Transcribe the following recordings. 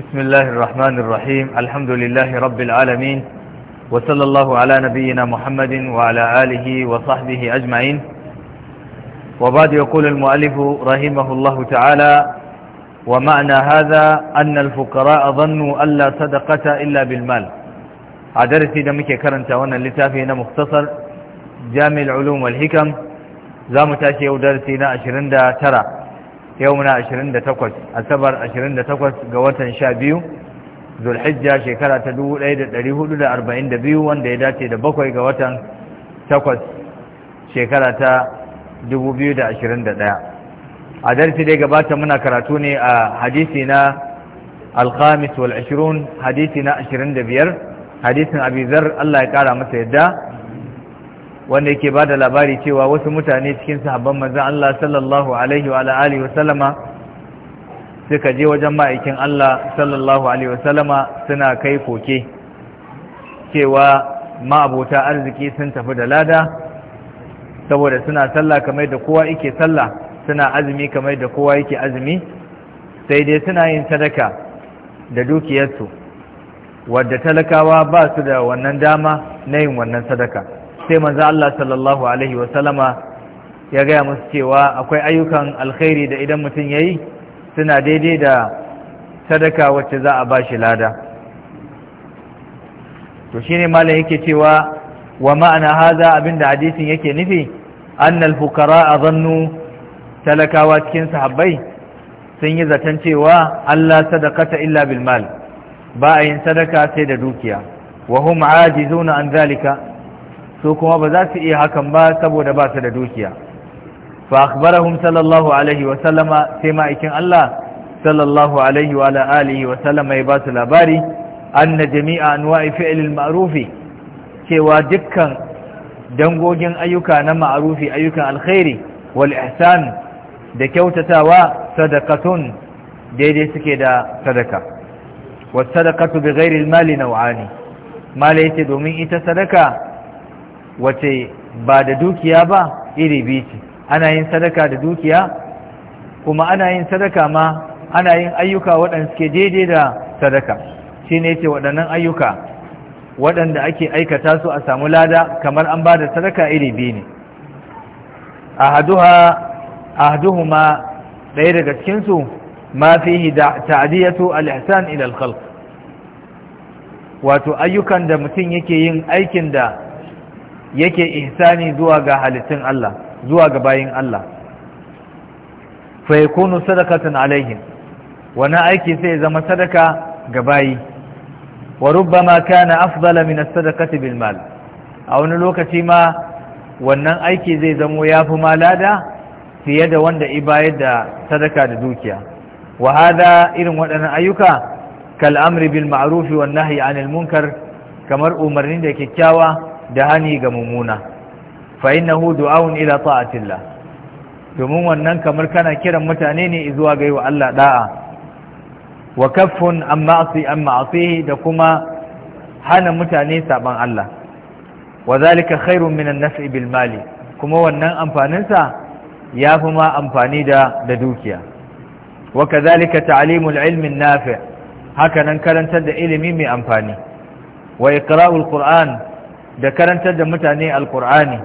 بسم الله الرحمن الرحيم الحمد لله رب العالمين وصلى الله على نبينا محمد وعلى آله وصحبه أجمعين وبعد يقول المؤلف رحمه الله تعالى ومعنى هذا أن الفقراء ظنوا أن لا صدقة إلا بالمال عدرسي دمك كرنت وانا لتافينا مختصر جامع العلوم والحكم زامتاشي ودرسينا أشرندا ترى yau muna 28 asabar 28 ga watan 12 zulhijja shekara ta 1442 wanda ya dace da bakwai ga watan 8 shekara ta 2021 a darsi dai gabata muna karatu ne a hadisi na alkhamis wal 20 hadisi na 25 hadisin abizar Allah ya kara masa yadda wanda yake ba da labari cewa wasu mutane cikin sahabban manzan Allah sallallahu alaihi wa wasallama suka je wajen ma'aikin Allah sallallahu alaihi wasallama suna kai koke cewa ma'abota arziki sun tafi da lada saboda suna sallah kamar da kowa yake sallah suna azumi kamar da kowa yake azumi sai dai suna yin sadaka da dukiyarsu wadda talakawa ba su da wannan dama na yin wannan sadaka sai manzo Allah sallallahu alaihi wa sallama ya gaya musu cewa akwai ayyukan alkhairi da idan mutum yayi suna daidai da sadaka wacce za a bashi lada to shine malam yake cewa wa ma'ana haza abinda hadisin yake nufi annal fuqara zannu talakawa cikin sahabbai sun yi zaton cewa Allah sadakata illa bil mal ba a yin sadaka sai da dukiya wa hum ajizuna an zalika su kuma ba za su iya hakan ba saboda ba su da dukiya fa akhbarahum sallallahu alaihi wa sallama sai ma'aikin Allah sallallahu alaihi wa alihi wa sallama ya ba su labari anna jami'a anwa'i fi'lil ma'rufi cewa dukkan dangogin ayyuka na ma'rufi ayyukan alkhairi wal ihsan da kyautatawa sadaqatun daidai suke da sadaka wasadaqatu bighayri mali naw'ani mali yace domin ita sadaka wace ba da dukiya ba iri biyu ana yin sadaka da dukiya kuma ana yin sadaka ma ana yin ayyuka waɗanda suke daidai da sadaka shi ne ce waɗannan ayyuka waɗanda ake aikata su a samu lada kamar an ba da sadaka iri biyu ne ma ɗaya daga cikinsu ma fihi da ta'adiyatu al ilal wato ayyukan da mutum yake yin aikin da yake ihsani zuwa ga halittun Allah zuwa ga bayin Allah fa yakunu sadakatan alaihim wani aiki sai zama sadaka ga bayi wa rubbama kana afdala min as-sadaqati bil mal a wani lokaci ma wannan aiki zai zamo yafi malada fiye da wanda ibayar da sadaka da dukiya wa hada irin waɗannan ayyuka kal amri bil ma'ruf wan nahyi anil munkar kamar umarni da kyakkyawa da hani ga mummuna fa innahu du'aun ila ta'atillah domin wannan kamar kana kiran mutane ne zuwa ga yiwa Allah da'a wa kaffun an ma'asi an ma'asihi da kuma hana mutane saban Allah wa zalika khairun min nafi bil mali kuma wannan amfanin sa yafi ma amfani da da dukiya wa kadhalika ta'limul ilmi nafi haka nan karantar da ilimi mai amfani wa iqra'ul qur'an da karantar da mutane alkur'ani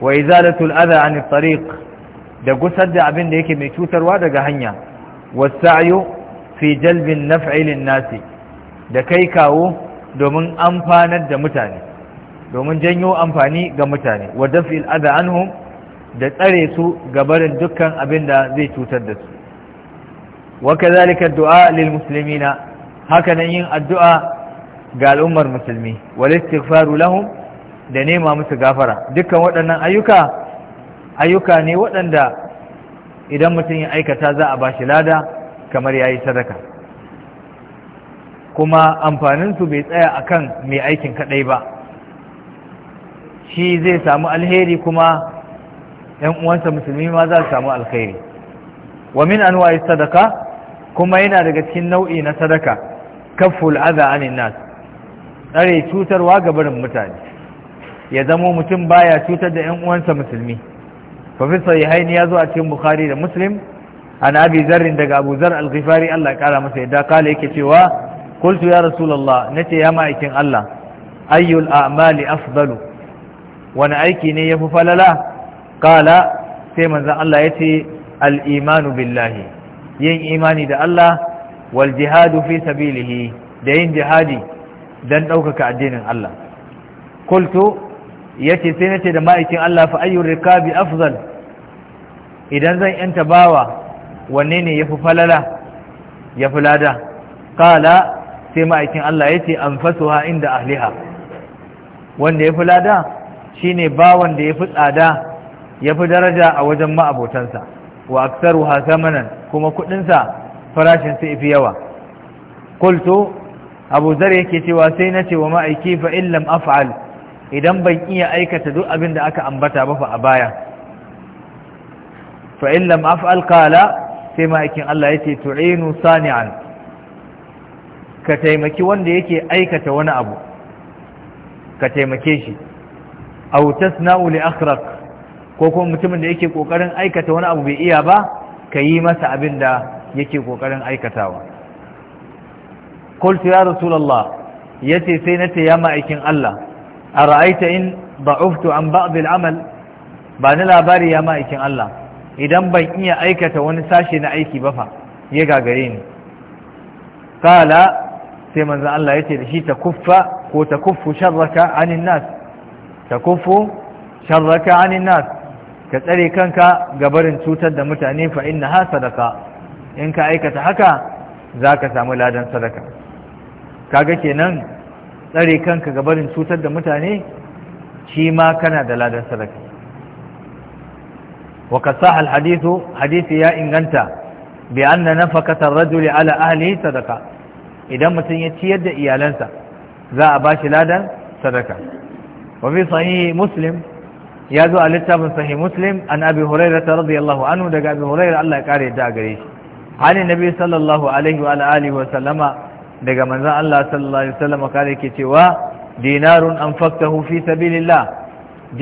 wa izalatul adha an tariq da gusar da abin da yake mai cutarwa daga hanya wasayu fi jalbin naf'i lin nasi da kai kawo domin amfanar da mutane domin janyo amfani ga mutane wa daf'il adha anhum da tsare su gabarin dukkan abin da zai cutar da su wa kadhalika du'a lil muslimina haka nan yin addu'a ga al'ummar musulmi wal istighfaru lahum da nema musu gafara dukkan waɗannan ayyuka ayyuka ne waɗanda idan mutum ya aikata za a bashi lada kamar yayi sadaka kuma amfaninsu bai tsaya akan mai aikin kaɗai ba shi zai samu alheri kuma ‘yan uwansa musulmi ma za su samu alheri wa min an sadaka kuma yana daga cikin nau'i na sadaka kafful aza anin nas tsare cutarwa ga barin mutane ya zamo mutum baya cutar da yan uwansa musulmi fa yahaini ya zo a cikin bukhari da muslim an abi zarrin daga abu zar al-ghifari Allah ya kara masa yadda kala yake cewa kultu ya rasulullah nace ya ma'aikin Allah ayyul a'mali afdalu wani aiki ne ya fi falala kala sai manzan Allah ce al-imanu billahi yin imani da Allah wal jihadu fi sabilihi da yin jihadi dan ɗaukaka addinin Allah kultu yace sai nace da ma'aikin Allah fa ayyur rikabi afzal idan zan yanta bawa wanne ne yafi falala yafi lada qala sai ma'aikin Allah yace anfasuha inda ahliha wanda yafi lada shine bawan da yafi tsada yafi daraja a wajen ma'abotansa wa aktsaruha samanan kuma kudin sa farashin sai fi yawa qultu abu zar yake cewa sai nace wa ma'aiki fa illam af'al idan ban iya aikata duk abin da aka ambata ba fa a baya fa in lam af'al qala sai ma'aikin Allah yace tu'inu sani'an ka taimaki wanda yake aikata wani abu ka taimake shi aw tasna'u li akhrak ko kuma mutumin da yake kokarin aikata wani abu bai iya ba ka yi masa abin da yake kokarin aikatawa qultu ya rasulullah yace sai na ce ya ma'aikin Allah a ra'aita in ba'uftu an ba'dil amal ba ni labari ya ma'aikin Allah idan ban iya aikata wani sashe na aiki ba fa ya gagare ni kala sai manzo Allah yace da shi ta kuffa ko ta kuffu sharraka anin nas ta kuffu sharraka anin nas ka tsare kanka ga barin cutar da mutane fa innaha sadaka in ka aikata haka zaka samu ladan sadaka kaga kenan tsare kanka ga barin cutar da mutane shi ma kana da ladan sadaka wa kasaha alhadithu hadisi ya inganta bi anna nafaqata ar-rajuli ala ahlihi sadaka idan mutum ya ciyar da iyalansa za a bashi ladan sadaka wa fi sahih muslim ya zo a littafin sahih muslim an abi hurairah radiyallahu anhu daga abi hurairah Allah ya kare da gare shi hanin nabi sallallahu alaihi wa alihi wa sallama daga manzon Allah sallallahu alaihi wasallam kare yake cewa dinarun an anfaqtahu fi sabilillah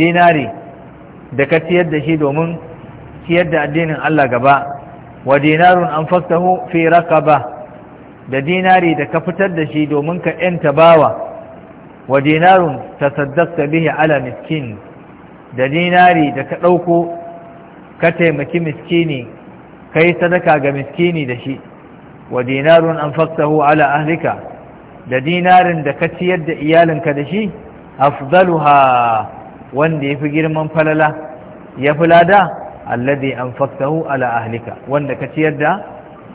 dinari da ka ciyar da shi domin ciyar da addinin Allah gaba wa dinarun an anfaqtahu fi raqaba da dinari da ka fitar da shi domin ka yanta bawa wa dinarun tasaddaqta bihi ala miskin da dinari da ka ɗauko ka taimaki miskini kai sadaka ga miskini da shi wa dinarun anfaqtahu ala ahlika da dinarin da ka ciyar da iyalinka da shi afdaluha wanda yafi girman falala yafi lada alladhi anfaqtahu ala ahlika wanda ka ciyar da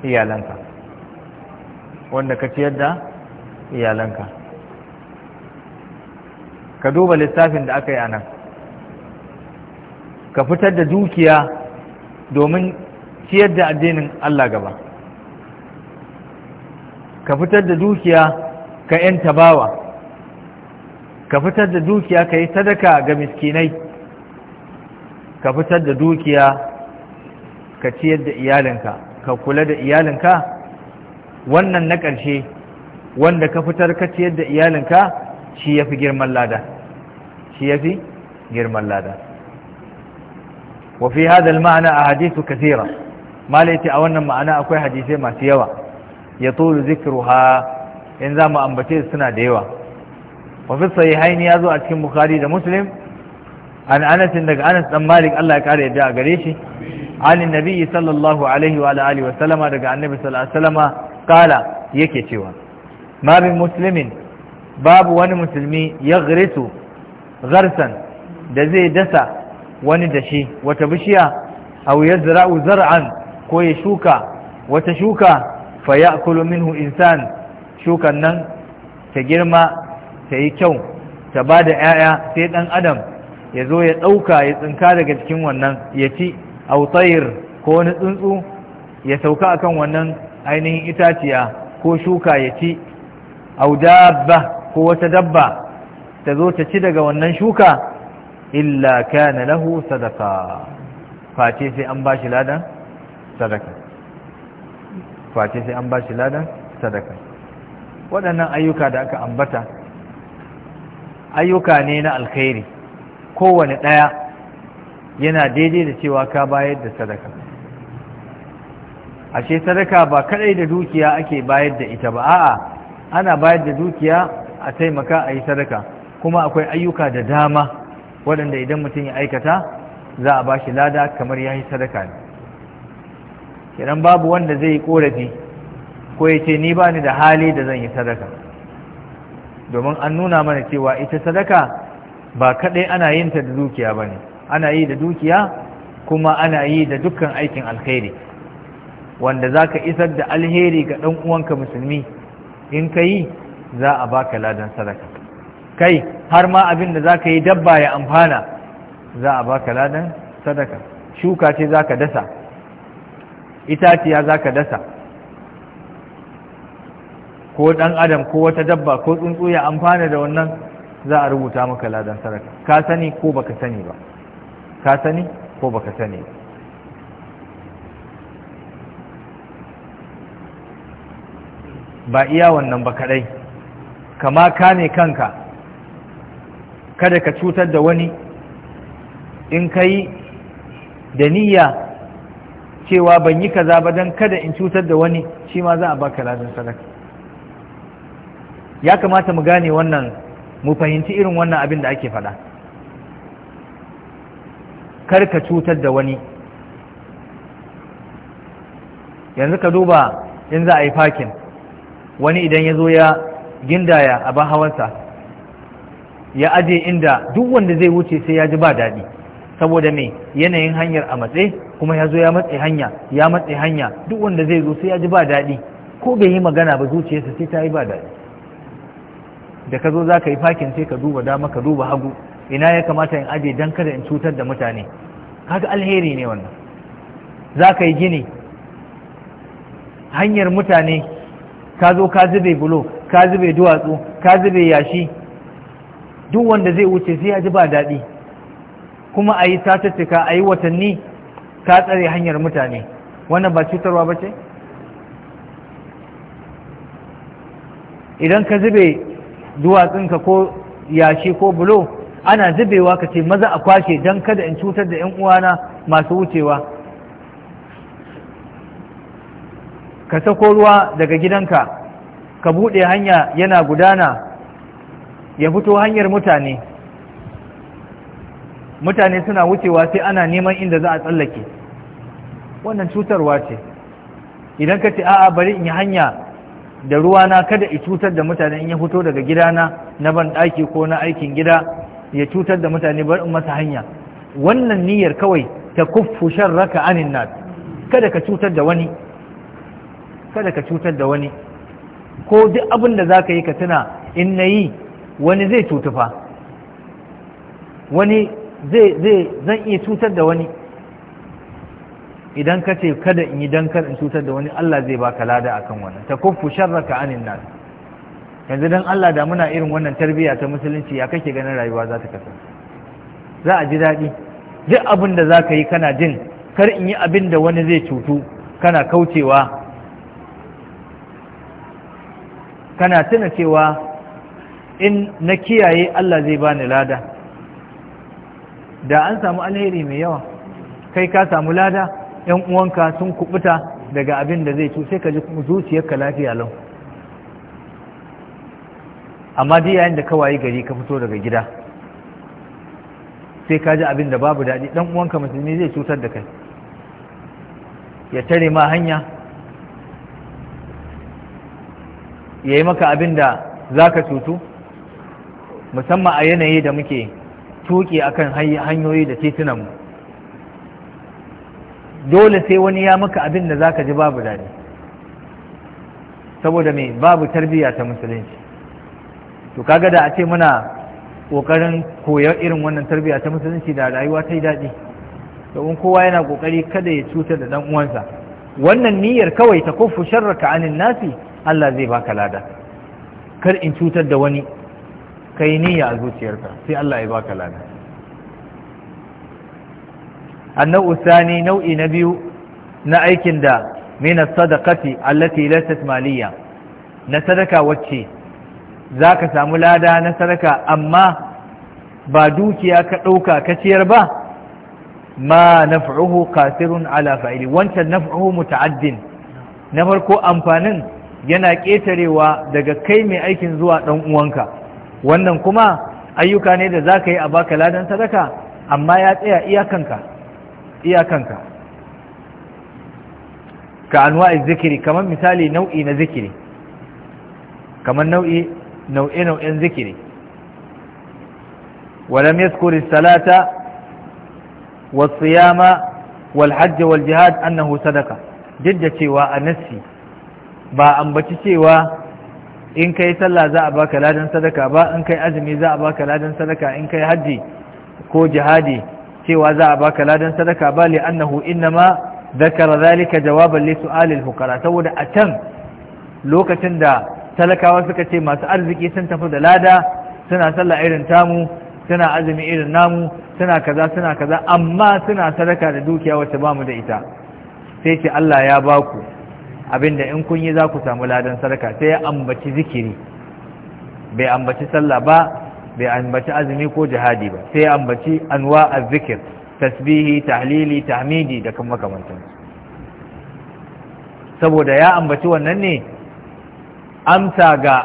iyalanka wanda ka ciyar da iyalanka ka duba lissafin da aka yi anan ka fitar da dukiya domin ciyar da addinin Allah gaba ka fitar da dukiya ka yan tabawa ka fitar da dukiya ka yi sadaka ga miskinai ka fitar da dukiya ka ciyar da iyalinka ka kula da iyalinka wannan na ƙarshe wanda ka fitar ka ciyar da iyalinka shi ya fi girman lada shi ya fi girman lada wafi hadal ma'ana a hadisu kasira malaiti a wannan ma'ana akwai hadisai masu yawa ya tulu zikruha in za mu ambace suna da yawa wa fi haini ya zo a cikin bukhari da muslim an anas daga anas dan malik Allah ya kare yadda a gare shi alin annabi sallallahu alaihi wa alihi wa sallama daga annabi sallallahu alaihi wa sallama kala yake cewa ma musulmin, muslimin babu wani musulmi ya gritu garsan da zai dasa wani dashi wata bishiya aw yazra'u zar'an ko ya shuka wata shuka Faya a minhu insan shukan nan ta girma ta yi kyau ta ba da 'ya'ya sai ɗan adam ya zo ya ɗauka ya tsinka daga cikin wannan ya ci autayir ko wani tsuntsu ya sauka akan wannan ainihin itaciya ko shuka ya ci audabba ko wata dabba ta zo ta ci daga wannan shuka illa kana lahu sadaka face sai an ba shi ladan sadaka face sai an bashi ladan sadaka waɗannan ayyuka da aka ambata ayyuka ne na alkhairi kowane ɗaya yana daidai da cewa ka bayar da sadaka ashe sadaka ba kaɗai da dukiya ake bayar da ita ba a'a ana bayar da dukiya a taimaka a yi sadaka kuma akwai ayyuka da dama waɗanda idan mutum ya aikata za a ba shi lada kamar ya yi sadaka ne Idan babu wanda zai yi korafi ko ya ce ni ba ni da hali da zan yi sadaka domin an nuna mana cewa ita sadaka ba kaɗai ana yin ta da dukiya ba ne ana yi da dukiya kuma ana yi da dukkan aikin alheri wanda za ka isar da alheri ga ɗan uwanka musulmi in ka yi za a baka ladan sadaka kai har ma abin da za ka yi dabba ya amfana za a baka ladan sadaka shuka ce za ka dasa itaciya za ka dasa ko ɗan adam ko wata dabba ko tsuntsu ya amfana da wannan za a rubuta maka ladan saraka ka sani ko baka sani ba ka sani ko baka sani ba ba iya wannan ba kadai kama ka ne kanka kada ka cutar da wani in ka yi da niyya cewa ban yi kaza ba don kada in cutar da wani shi ma za a baka lazin sadaka ya kamata mu gane wannan mu fahimci irin wannan abin da ake faɗa kar ka cutar da wani yanzu ka duba in za a yi fakin wani idan ya zo ya gindaya a ban hawansa ya aje inda duk wanda zai wuce sai ya ji ba daɗi saboda me yanayin hanyar a matse kuma ya zo ya matse hanya ya matse hanya duk wanda zai zo sai ya ji ba daɗi ko bai yi magana ba zuciyarsa sai ta yi ba daɗi da ka zo za ka yi fakin sai ka duba dama ka duba hagu ina ya kamata in ajiye dan kada in cutar da mutane kaga alheri ne wannan za ka yi gini hanyar mutane ka zo ka zube bulo ka zube duwatsu ka zube yashi duk wanda zai wuce sai ya ji ba daɗi kuma a yi tatacika a yi watanni ta tsare hanyar mutane wannan ba cutarwa ba ce idan ka zube duwatsunka ko yashi ko bulo ana zubewa ka ce maza a kwashe don kada in cutar da 'yan uwana masu wucewa ka sako ruwa daga gidanka ka buɗe hanya yana gudana ya fito hanyar mutane mutane suna wucewa sai ana neman inda za a tsallake wannan cutarwa ce idan ka ce a'a bari in yi hanya da ruwana kada i cutar da mutane in ya fito daga gidana na ban ɗaki ko na aikin gida ya cutar da mutane bari in masa hanya wannan niyyar kawai ta kuffu sharraka anin nas kada ka cutar da wani kada ka cutar da wani ko duk abin da za ka yi ka tuna in na yi wani zai cutufa wani zai zai zan iya cutar da wani idan ka ce kada in yi dankar in cutar da wani Allah zai baka lada akan wannan ta kuffu sharraka anin nas yanzu dan Allah da muna irin wannan tarbiyya ta musulunci ya kake ganin rayuwa za ta kasance za a ji daɗi duk abin da za ka yi kana jin kar in yi abin da wani zai cutu kana kaucewa kana tuna cewa in na kiyaye Allah zai bani lada da an samu alheri mai yawa kai ka samu lada yan uwanka sun kubuta daga abin da zai cuce ka ji zuciyarka lafiya lau amma dai yayin da ka wayi gari ka fito daga gida sai ka ji abin da babu daɗi ɗan uwanka musulmi zai cutar da kai ya tare ma hanya ya yi maka abin da za ka cutu musamman a yanayi da muke tuki akan hanyoyi da titunan mu. dole sai wani ya maka abin da zaka ji babu daɗi saboda mai babu tarbiyya ta musulunci to kaga da a ce muna ƙoƙarin koyar irin wannan tarbiyya ta musulunci da rayuwa ta yi daɗi domin kowa yana ƙoƙari kada ya cutar da ɗan uwansa wannan niyyar kawai ta kufu sharraka anin nasi Allah zai baka lada kar in cutar da wani kai niyya a zuciyarka sai Allah ya baka lada annau sani nau'i na biyu na aikin da min sadaqati allati laysat maliya na sadaka wacce zaka samu lada na sadaka amma ba dukiya ka dauka ka ciyar ba ma naf'uhu qasirun ala fa'ili wancan naf'uhu muta'addin na farko amfanin yana ƙetarewa daga kai mai aikin zuwa ɗan uwanka wannan kuma ayyuka ne da za ka yi a baka ladan sadaka amma ya tsaya iyakanka iyakanka ka anwa'i zikiri kamar misali nau'i na zikiri kamar nau'i nau'e-nau'en zikiri ولم يذكر الصلاة والصيام والحج والجهاد أنه صدقة جد cewa a nassi ba ambaci cewa in kai sallah za a baka ladan sadaka ba in kai azumi za a baka ladan sadaka in kai haji ko jihadi cewa za a baka ladan sadaka ba li annahu innama dhakara zalika jawaban li su'alil fuqara saboda a can lokacin da talakawa suka ce masu arziki sun tafi da lada suna sallah irin tamu suna azumi irin namu suna kaza suna kaza amma suna sadaka da dukiya wacce bamu da ita sai ce Allah ya baku abinda in kun yi za ku samu ladan sadaka sai ya ambaci zikiri bai ambaci sallah ba bai ambaci azumi ko jihadi ba sai ya ambaci anwa a zikir, tasbihi tahlili tahmidi da kan makamantan saboda ya ambaci wannan ne amsa ga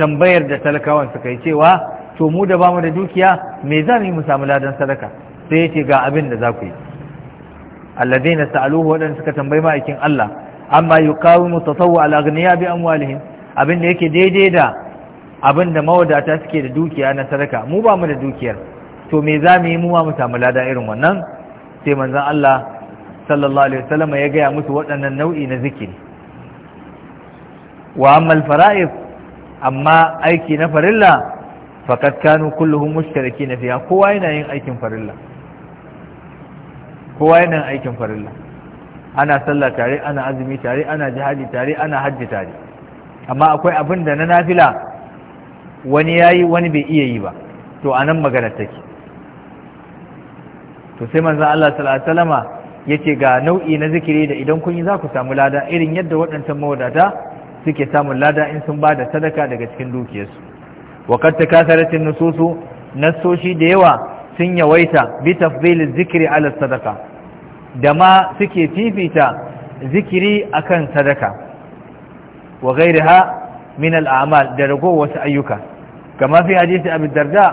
tambayar da talakawan suka yi cewa to mu da bamu da dukiya me za mu yi mu samu ladan sadaka sai ya ce ga abin da za ku yi allazina sa'aluhu wadanda suka tambayi ma'aikin Allah amma yuqawimu tasawwu al-aghniya bi amwalihim abin da yake daidai da abin da mawadata suke da dukiya na sadaka mu ba mu da dukiyar to me za mu yi mu ma mu samu lada irin wannan sai manzon Allah sallallahu alaihi wasallam ya gaya musu waɗannan nau'i na zikiri wa amma amma aiki na farilla faqad kanu kulluhum mushtarikina fiha kowa yana yin aikin farilla kowa yana aikin farilla ana sallah tare ana azumi tare ana jihadi tare ana hajji tare amma akwai abin da na nafila wani ya yi wani bai iya yi ba to a nan magana take to sai manzon Allah sallallahu alaihi wasallama yace ga nau'i na zikiri da idan kun yi za ku samu lada irin yadda waɗancan mawadata suke samun lada in sun bada sadaka daga cikin dukiyarsu wa kad takasaratin nususu da yawa sun yawaita bi tafdhiliz zikri ala sadaqa da ma suke fifita zikiri akan sadaka wa gairaha min al'amal da rago wasu ayyuka kama fi hadisi abu darda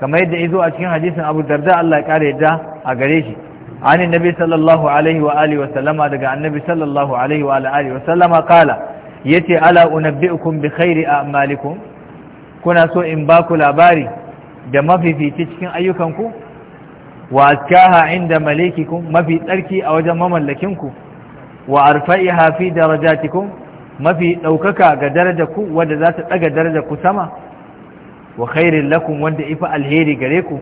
kama yadda izo a cikin hadisin abu darda Allah ya ƙara yadda a gare shi an nabi sallallahu alaihi wa alihi wa sallama daga annabi sallallahu alaihi wa alihi wa sallama kala yace ala unabbiukum bi khairi a'malikum kuna so in ba ku labari da mafifici cikin ayyukanku wa azkaha inda malikikum mafi tsarki a wajen mamallakinku wa arfa'iha fi darajatikum mafi ɗaukaka ga daraja ku wanda za ta ɗaga daraja ku sama wa khairin lakum wanda ifa alheri gare ku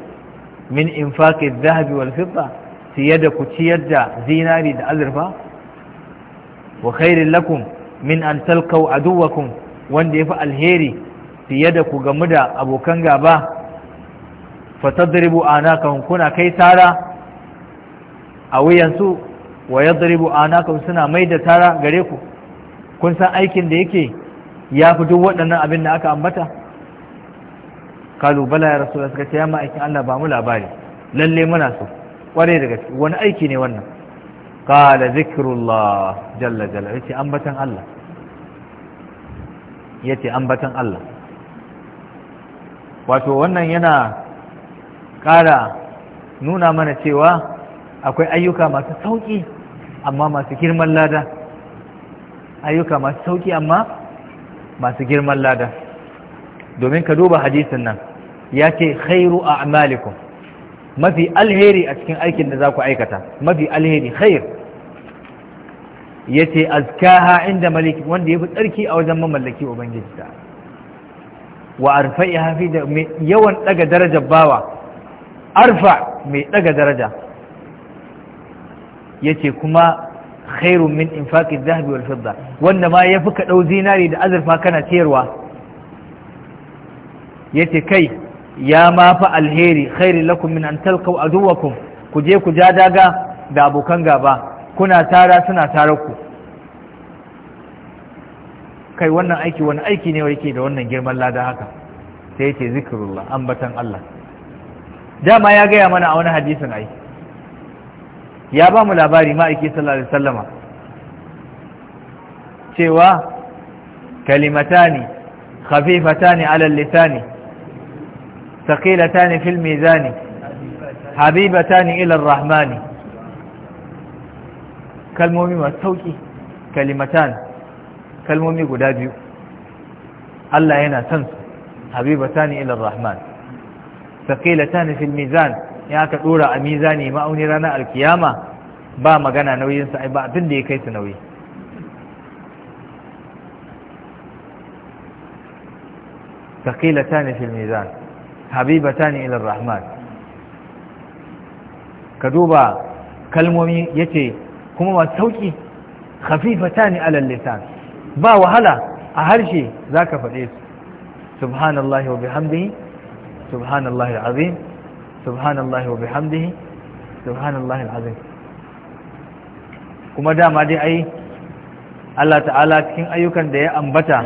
min infaqi dhahabi wal fidda fiye da ku ciyar da zinari da azurfa wa khairin lakum min an talqaw aduwakum wanda yafi alheri fiye da ku gamu da abokan gaba fatadribu anakum kuna kai tara a wuyansu wa yadribu anakum suna mai da tara gare ku kun san aikin da yake ya fi duk waɗannan abin da aka ambata kalu bala ya rasu suka ce ya aikin Allah ba mu labari lalle muna so kware daga gaske wani aiki ne wannan qala zikrullah jalla jalla yace ambatan Allah yace ambatan Allah wato wannan yana ƙara nuna mana cewa akwai ayyuka masu sauƙi amma masu girman lada ayyuka masu sauƙi amma masu girman lada domin ka duba hadisin nan ya ce khairu a amalikum mafi alheri a cikin aikin da za ku aikata mafi alheri khair ya ce azkaha inda maliki wanda ya fi tsarki a wajen mamallaki ubangiji ta wa arfa'i hafi da yawan daga darajar bawa arfa mai ɗaga daraja yace kuma khairun min infaqi dhahabi wal fidda wanda ma yafi ka dau zinari da azurfa kana ciyarwa yace kai ya ma fa alheri khairu lakum min an talqaw aduwakum ku je ku ja daga da abokan gaba kuna tara suna tare ku kai wannan aiki wani aiki ne yake da wannan girman lada haka sai yace zikrullah ambatan Allah dama ya gaya mana a wani hadisin ai ya ba mu labari ma'aiki sallallahu alaihi sallama. cewa kalimatani khafifatani ala lisani thaqilatani fil mizani habibatani ila arrahmani kalmomi masu sauki kalimatan kalmomi guda biyu Allah yana son su habibatani ila arrahmani ثقيلتان في الميزان يا aka ɗora a mizani ma'auni rana alkiyama ba magana nauyin sa ai ba abin da ya kai su nauyi ثقيلتان في الميزان حبيبتان الى الرحمن ka duba kalmomi yace kuma ba sauki khafifatan ala lisan ba wahala a harshe zaka faɗe su subhanallahi wa bihamdihi subhanallahi alazim subhanallahi wa bihamdihi subhanallahi alazim kuma dama dai ai Allah ta'ala cikin ayyukan da ya ambata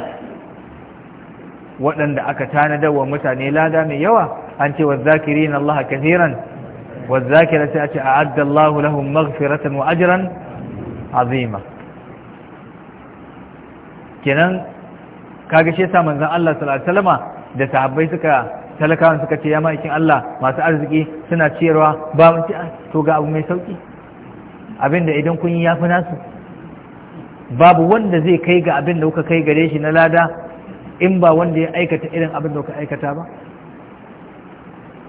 waɗanda aka tanada wa mutane lada mai yawa an ce wazzakirin Allah kathiran ce a adda Allah lahum maghfiratan wa ajran azima kenan kaga shi yasa manzon Allah sallallahu alaihi da sahabbai suka talakawan suka ce ya ma'aikin Allah masu arziki suna ciyarwa ba mun ci to ga abu mai sauki abinda idan kun yi ya fi nasu babu wanda zai kai ga abin da kuka kai gare shi na lada in ba wanda ya aikata irin abin da kuka aikata ba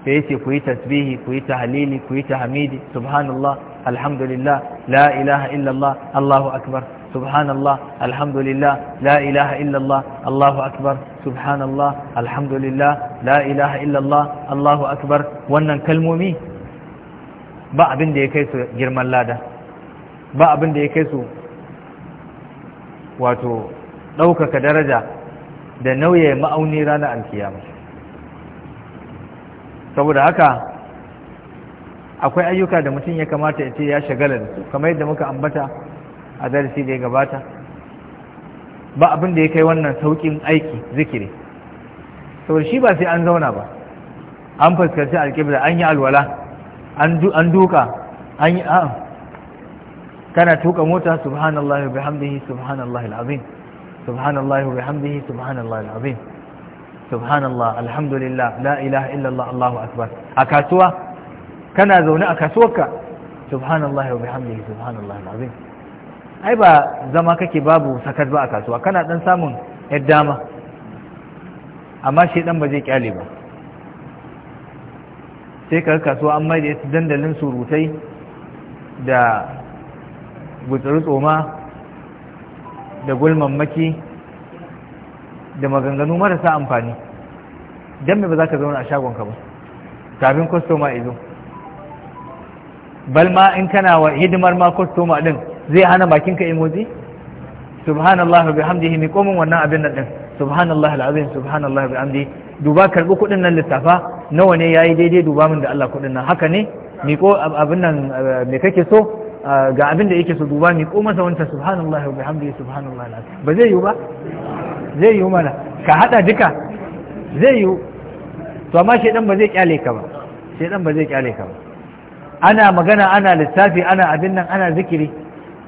sai yace ku yi tasbihi ku yi tahlili ku yi tahmidi subhanallah alhamdulillah la ilaha illallah allahu akbar subhanallah alhamdulillah la ilaha illallah Allahu akbar subhanallah alhamdulillah la ilaha illallah Allahu akbar wannan kalmomi ba abin da ya kai su girman lada ba abin da ya kai su wato ɗaukaka daraja da nauye ma'auni ranar alkiyama saboda haka akwai ayyuka da mutum ya kamata ya ce ya shagala da su kamar yadda muka ambata a darasi da ya gabata ba abin da ya kai wannan sauƙin aiki zikiri saboda shi ba sai an zauna ba an fuskanci alƙibla an yi alwala an duka an yi a'a kana tuka mota subhanallahi wa bihamdihi subhanallahi alazim subhanallahi wa bihamdihi subhanallahi alazim subhanallah alhamdulillah la ilaha illallah allahu akbar a kasuwa kana zaune a kasuwarka subhanallahi wa bihamdihi subhanallahi alazim ai ba zama kake babu sakar ba a kasuwa kana dan samun yar dama amma shi dan ba zai kyale ba sai ka kasuwa an mai da yasu dandalin surutai da gutsuru tsoma da gulmammaki da maganganu marasa amfani don mai ba za ka zauna a shagonka ba kafin kwastoma izo Balma in kana wa hidimar ma kwastoma din zai hana bakinka yi motsi subhanallah bi hamdihi mi komin wannan abin nan din subhanallah alazim subhanallah bi hamdi duba karbi kudin nan littafa nawa ne yayi daidai duba min da Allah kudin nan haka ne mi ko abin nan eh, me kake so eh, ga abin da yake so duba mi ko masa wanta subhanallah bi hamdihi subhanallah alazim ba zai yi ba zai yi mana ka hada duka zai yi to amma shedan ba zai kyale ka ba shedan ba zai kyale ka ba ana magana ana lissafi ana abin nan ana zikiri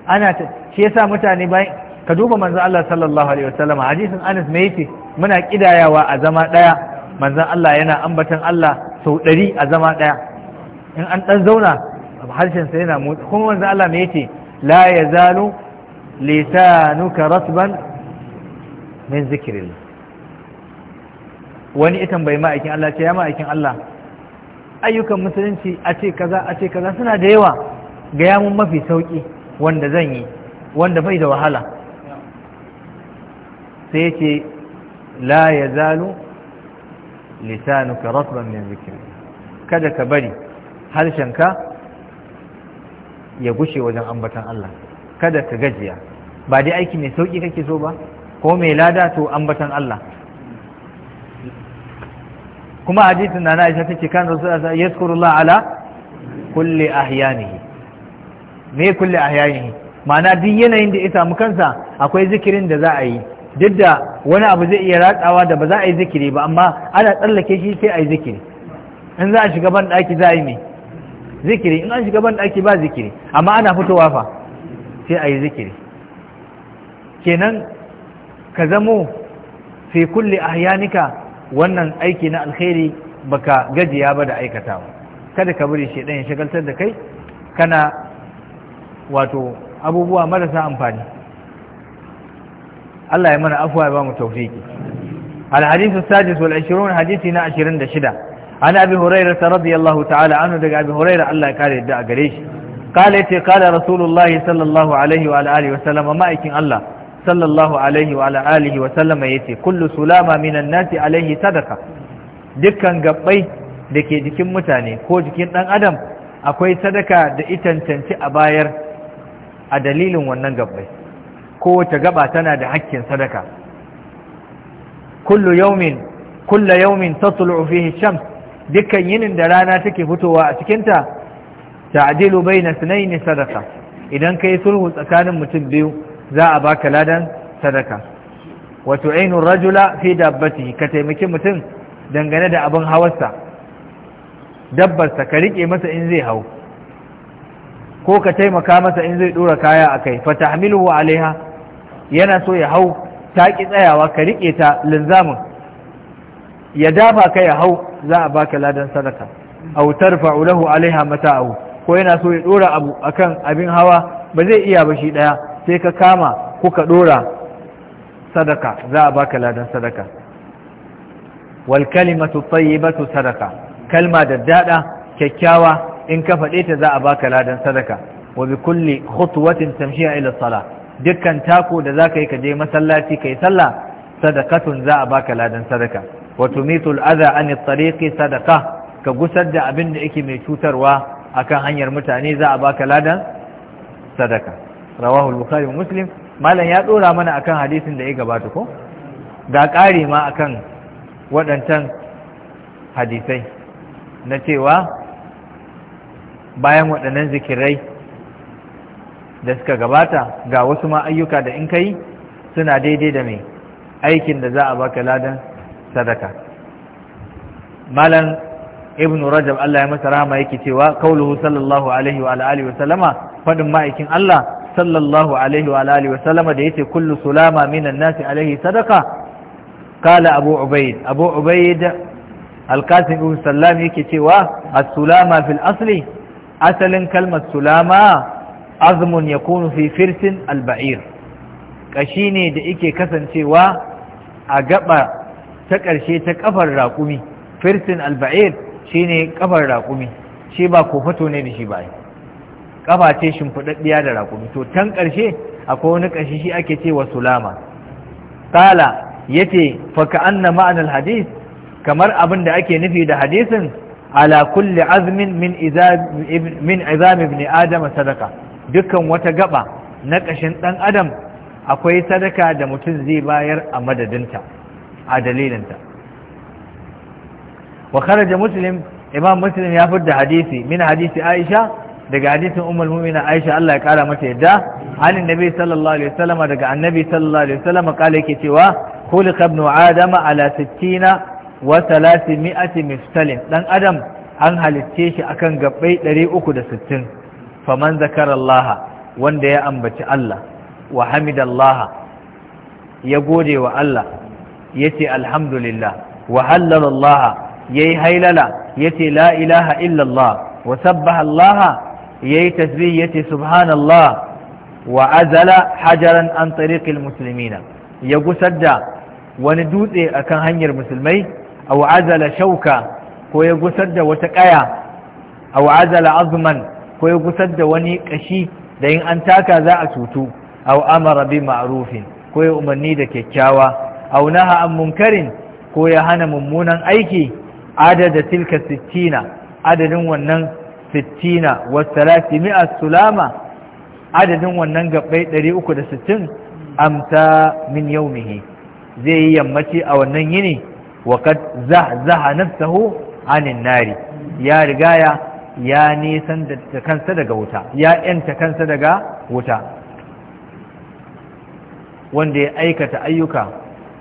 ana ta shi yasa mutane bayan ka duba manzon Allah sallallahu alaihi wasallam hadisin Anas me yake muna kidayawa a zama daya manzon Allah yana ambatan Allah sau ɗari a zama daya in an dan zauna harshen sa yana mu kuma manzon Allah me yake la yazalu lisanuka rasban min zikrillah wani itan bai ma'aikin Allah ce ya ma'aikin Allah ayyukan musulunci a ce kaza a ce kaza suna da yawa ga yamun mafi sauki wanda zan yi wanda bai da wahala sai ce la ya zalu lisanuka ratban min zikin. kada ka bari harshenka ya gushe wajen ambatan Allah kada ka gajiya ba dai aiki mai sauƙi kake so ba ko mai lada to ambatan Allah kuma hadisin na Aisha tace kan rasulullah yaskurullah ala kulli ahyanihi me kulli ahyanihi ma'ana duk yanayin da ya samu kansa akwai zikirin da za a yi duk da wani abu zai iya ratsawa da ba za a yi zikiri ba amma ana tsallake shi sai a yi zikiri in za a shiga ban ɗaki za a yi me zikiri in an shiga ban ɗaki ba zikiri amma ana fitowa fa sai a yi zikiri kenan ka zamo fi kulli ahyanika wannan aiki na alkhairi baka gajiya ba da aikatawa kada ka bari shi ya shagaltar da kai kana wato abubuwa marasa amfani Allah ya mana afuwa ya ba mu tawfiki الحديث السادس والعشرون حديثنا عشرين دشدا عن أبي هريرة رضي الله تعالى عنه دقى أبي هريرة الله قال يدعى قريش قال يتي قال رسول الله صلى الله عليه وعلى آله وسلم ما إكن الله صلى الله عليه وعلى آله وسلم يتي كل سلامة من الناس عليه صدقة دكا قبي دكي دكي متاني كو دكي أن أدم أكوي صدقة دئتن تنتي أباير a dalilin wannan gabbai kowace gaba tana da hakkin sadaka kullu yawmin kullu yawmin tatlu fihi shams dukkan yinin da rana take fitowa a cikin ta ta'dilu bayna ne sadaka idan kai sulhu tsakanin mutum biyu za a baka ladan sadaka wa tu'inu rajula fi dabbatihi ka taimaki mutum dangane da abin hawarsa dabbarsa ka rike masa in zai hau ko ka taimaka masa in zai dora kaya a kai fa tahmiluhu alaiha yana so ya hau ta ki tsayawa ka rike ta linzamin ya dafa ka ya hau za a baka ladan sadaka aw tarfa'u lahu alaiha mata'u ko yana so ya ɗora abu akan abin hawa ba zai iya ba shi daya sai ka kama kuka ka dora sadaka za a baka ladan sadaka wal kalimatu tayyibatu sadaka kalma da dada kyakkyawa in ka faɗe ta za a baka ladan sadaka wa bi kulli khutwatin tamshiha ila salah dukkan tako da zaka yi ka je masallaci kai sallah sadaqatun za a baka ladan sadaka wa tumitul adha an at-tariqi sadaqa ka gusar da abin da yake mai cutarwa akan hanyar mutane za a baka ladan sadaka rawahu al-bukhari wa muslim malam ya dora mana akan hadisin da ya gabata ko ga ƙari ma akan waɗancan hadisai na cewa bayan waɗannan zikirai da suka gabata ga wasu ma ayyuka da in kai suna daidai da mai aikin da za a baka ladan sadaka malam ibn rajab Allah ya masa rahama yake cewa kauluhu sallallahu alaihi wa alihi wa sallama fadin ma'aikin Allah sallallahu alaihi wa alihi wa sallama da yace kullu sulama minan nasi alaihi sadaka kala abu ubaid abu ubaid al-qasim ibn sallam yake cewa as-sulama fil asli asalin kalmar sulama azmun ya kunu fi firsin alba'ir ƙashi ne da ike kasancewa a gaba ta ƙarshe ta ƙafar raƙumi firsin alba'ir shi ne ƙafar raƙumi shi ba kofato ne da shi ba ƙafa ce shimfiɗaɗɗiya da raƙumi to tan ƙarshe akwai wani ƙashi shi ake cewa sulama kala yace fa na ma'anar hadis kamar abin da ake nufi da hadisin ala kulli azmin min min izam ibn adam sadaka dukkan wata gaba na kashin dan adam akwai sadaka da mutum zai bayar a madadinta a dalilinta wa kharaja muslim imam muslim ya fitar da hadisi min hadisi aisha daga hadisin ummul mu'mina aisha Allah ya kara mata yadda anin nabi sallallahu alaihi wasallam daga annabi sallallahu alaihi wasallam kale yake cewa khuliqa ibn adam ala 60 wa mi'ati miftalin ɗan adam an halicce shi akan gabbai 360 faman zakara Allah wanda ya ambaci Allah wa allah. ya gode wa Allah yace alhamdulillah wa hallala Allah yayi hailala yace la ilaha illa Allah wa sabbaha Allah yayi tasbih yace subhanallah wa azala hajaran an tariqil musulmina. ya gusar da wani dutse akan hanyar musulmai aw azala shauka ko ya gusar da wata kaya aw azala azman ko ya gusar da wani kashi da in an taka za a tutu? aw amara bi ma'rufin ko ya umarni da kyakkyawa aw naha an munkarin ko ya hana mummunan aiki adada tilka 60 adadin wannan 60 wa 300 sulama adadin wannan gabbai 360 amsa min yaumihi zai yi yammaci a wannan yini وقد زهزه نفسه عن النار يا رجايا يا نيسان kansa daga وتا يا 'yanta kansa daga وتا wanda ya aikata ayyuka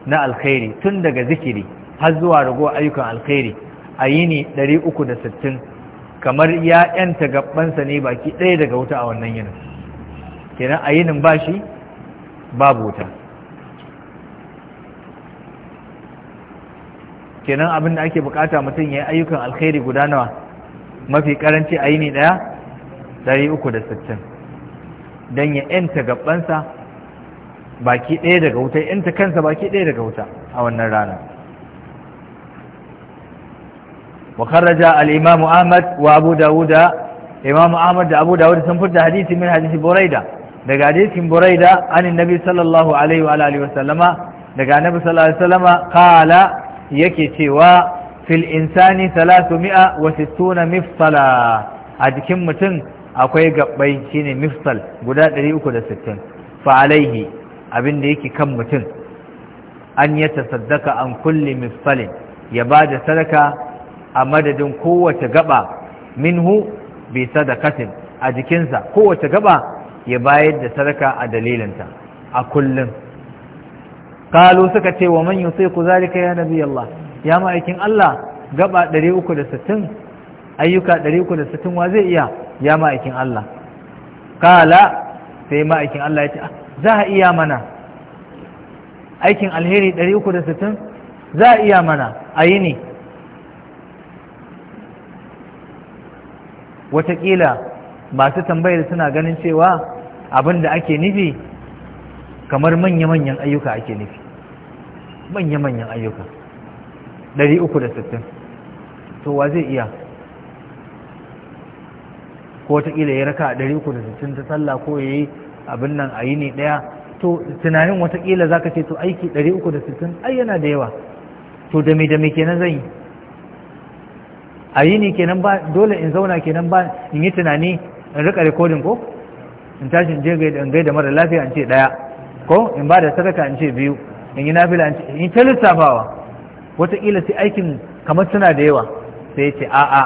na alkhairi tun daga zikiri har zuwa rago ayyukan alkhairi a yini sittin, kamar ya yanta gabansa ne baki ɗaya daga wuta a wannan yinin kenan a yinin bashi babu wuta kenan abin da ake bukata mutum ya yi ayyukan alkhairi guda nawa mafi karanci a yini daya 360 don ya yanta gabansa baki ɗaya daga wuta yanta kansa baki ɗaya daga wuta a wannan rana وخرج الإمام أحمد وأبو داود إمام أحمد أبو داود سنفرد حديث من حديث بريدة daga hadisin buraida anin nabi sallallahu alaihi wa alihi wasallama daga annabi sallallahu alaihi wasallama qala yake cewa fil insani salatu mi'a wa sittuna mifsala a jikin mutum akwai gabbai shine mifsal guda 360 fa alaihi abin da yake kan mutum an ya tasaddaka an kulli mifsalin ya ba da sadaka a madadin kowace gaba minhu bi sadakatin a jikinsa kowace gaba ya bayar da sadaka a dalilinta a kullum kalu suka ce wa manyan sai ku zalika ya nabi Allah ya ma'aikin Allah gaba 360 ayyuka 360 wa zai iya ya ma'aikin Allah kala sai ma'aikin Allah ya ce za a iya mana aikin alheri 360 za a iya mana a yi ne wataƙila masu tambayar suna ganin cewa abin da ake nufi kamar manya-manyan ayyuka ake nufi manya-manyan ayyuka 360 to wa zai iya ko wataƙila ya raka a 360 ta sallah ko ya yi abin nan a yi ne ɗaya to tunanin wataƙila za ka ce to aiki 360 ai yana da yawa to da dame kenan zan yi a yi ne kenan ba dole in zauna kenan ba in yi tunani in rika rikodin ko in tashi in je in gaida mara lafiya in ce ɗaya ko in ba da sadaka in ce biyu in yi nafila in ce in ta lissafawa wataƙila sai aikin kamar suna da yawa sai ya ce a'a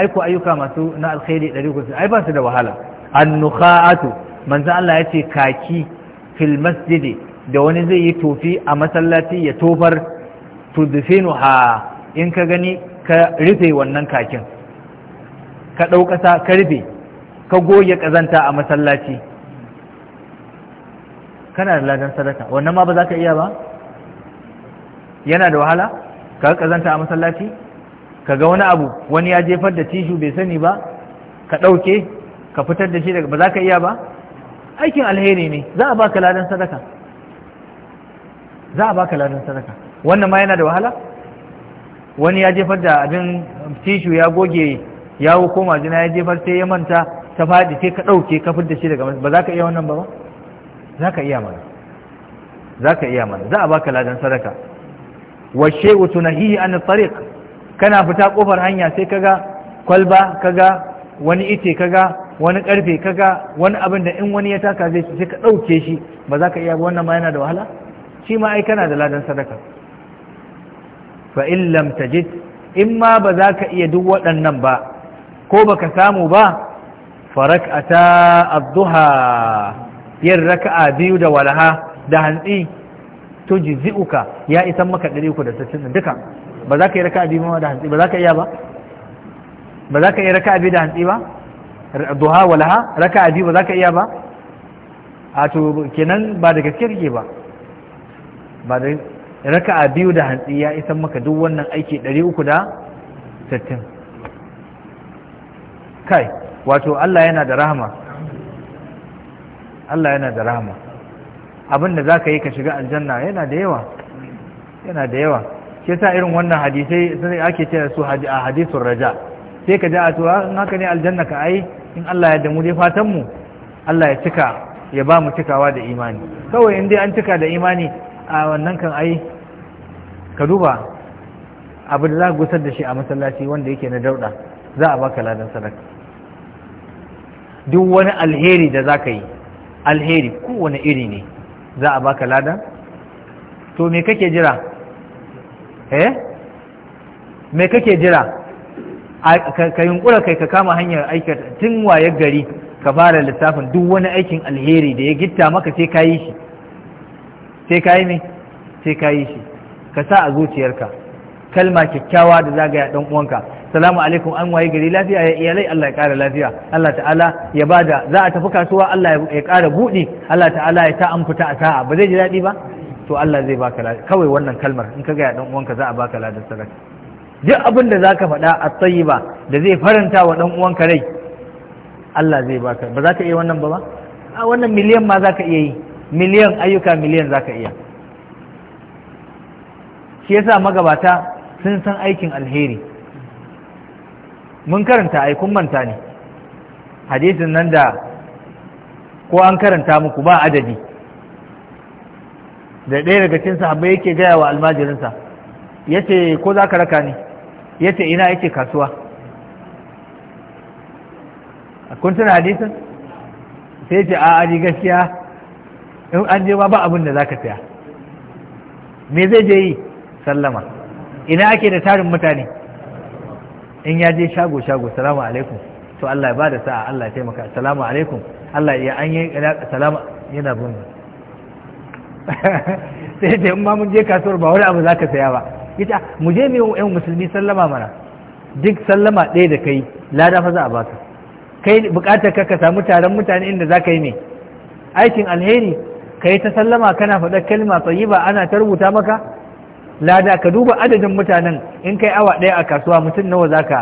aiko ayyuka masu na alkhairi ɗari kusa ai ba su da wahala annukha'atu manzan Allah ya ce kaki fil masjidi da wani zai yi tofi a masallaci ya tofar tudufinu ha in ka gani ka rufe wannan kakin ka ɗau ƙasa ka rufe ka goge ƙazanta a masallaci kana da ladan sadaka wannan ma ba za ka iya ba yana da wahala ka kazanta a masallaci ka ga wani abu wani ya jefar da tishu bai sani ba ka ɗauke ka fitar da shi daga ba za ka iya ba aikin alheri ne za a baka ladan sadaka za a baka ladan sadaka wannan ma yana da wahala wani ya jefar da abin tishu ya goge yawo ko majina ya jefar sai ya manta ta faɗi sai ka ɗauke ka fitar da shi daga ba za ka iya wannan ba ba za ka iya mana za ka iya mana za a baka ladan sadaka washe wato nahihi an tariq kana fita kofar hanya sai kaga kwalba kaga wani ice kaga wani karfe kaga wani abin da in wani ya taka zai sai ka dauke shi ba za ka iya ba wannan ma yana da wahala shi ma ai kana da ladan sadaka fa in lam tajid in ma ba za ka iya duk waɗannan ba ko baka samu ba farak ata duha yin raka'a biyu da walaha da hantsi to jizi'uka ya isan maka 360 duka ba za ka yi raka'a biyu da hantsi ba za ka iya ba ba za ka iya raka'a biyu da hantsi ba duha walaha raka'a biyu ba za ka iya ba a to kenan ba da gaske kake ba ba da raka'a biyu da hantsi ya isan maka duk wannan aiki 360 kai wato Allah yana da rahama Allah yana da rahama abinda za ka yi ka shiga aljanna yana da yawa yana da yawa shi sa irin wannan hadisai sai ake ce su a hadisun raja sai ka ji a tuwa in haka ne aljanna ka ai in Allah ya damu dai fatan mu Allah ya cika ya ba mu cikawa da imani kawai in dai an cika da imani a wannan kan ai ka duba abu da za ka gusar da shi a masallaci wanda yake na dauda za a baka ladan sadaka duk wani alheri da za ka yi alheri kowane iri ne za a baka lada to me kake jira eh me kake jira ka yunkura kai ka kama hanyar aikata tun waye gari ka fara lissafin duk wani aikin alheri da ya gitta maka sai ka yi shi sai ka yi me sai ka yi shi ka sa a zuciyarka kalma kyakkyawa da zagaya ɗan uwanka salamu alaikum an waye gari lafiya ya iyalai Allah ya kara lafiya Allah ta'ala ya bada za a tafi kasuwa Allah ya kara budi Allah ta'ala ya ta amfuta a sa'a ba zai ji daɗi ba to Allah zai baka lafiya kawai wannan kalmar in ka ga dan uwanka za a baka lafiya sadaka duk abin da zaka faɗa a tsayiba da zai faranta wa dan uwanka rai Allah zai baka ba za ka iya wannan ba ba a wannan miliyan ma za ka iya yi miliyan ayyuka miliyan za ka iya shi yasa magabata sun san aikin alheri mun karanta ai kun manta ne hadisin nan da ko an karanta muku ba adadi da ɗaya daga cin sahabbai yake gaya wa almajirinsa ce ko za ka raka ni ce ina yake kasuwa kun tuna hadisin sai ce a aji gaskiya in an je ma ba abin da za ka saya me zai je yi sallama ina ake da tarin mutane in ya je shago shago salamu alaikum to Allah ya bada sa'a Allah ya taimaka salamu alaikum Allah ya an yi salamu yana bin sai dai in ma mun je kasuwar ba wani abu za ka saya ba ita mu je mu yan musulmi sallama mana duk sallama ɗaya da kai lada fa za a baka kai buƙatar ka ka samu taron mutane inda za ka yi ne aikin alheri ka yi ta sallama kana faɗa kalma tsayi ba ana ta rubuta maka lada ka duba adadin mutanen in kai awa ɗaya a kasuwa mutum nawa za ka